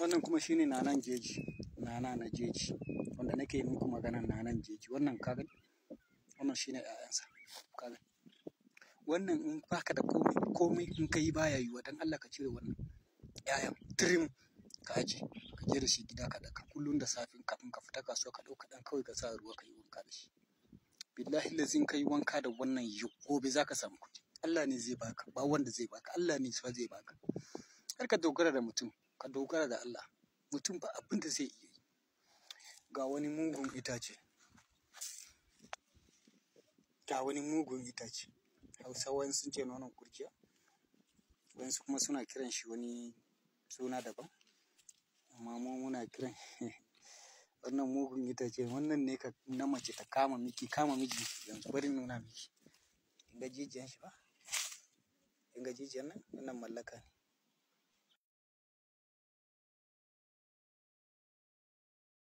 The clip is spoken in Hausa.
wannan kuma shine nanan jeji nana na jeji wanda nake muku maganan nanan jeji wannan kaga wannan shine ƴaƴansa kaga wannan in baka da komai komai in kai baya yiwa dan Allah ka cire wannan ƴaƴan trim ka aje ka je da shi gida ka daka kullum da safin kafin ka fita kasuwa ka ɗauka ɗan kawai ka sa ruwa ka yi wanka da shi billahi lazin ka yi wanka da wannan gobe za ka samu kuɗi Allah ne zai baka ba wanda zai baka Allah ne zai baka kar ka dogara da mutum a dogara da Allah mutum ba abin da zai iya ga wani mugun itace ga wani mugun itace hausawan sun ce nonon kurkiya Wani kuma suna kiran shi wani suna daban amma mu muna kiran wannan mugun itace wannan ne ka na mace ta kama miki kama miki yanzu bari nuna miki in ga jijiyan shi ba in ga jijiyan nan wannan mallaka ne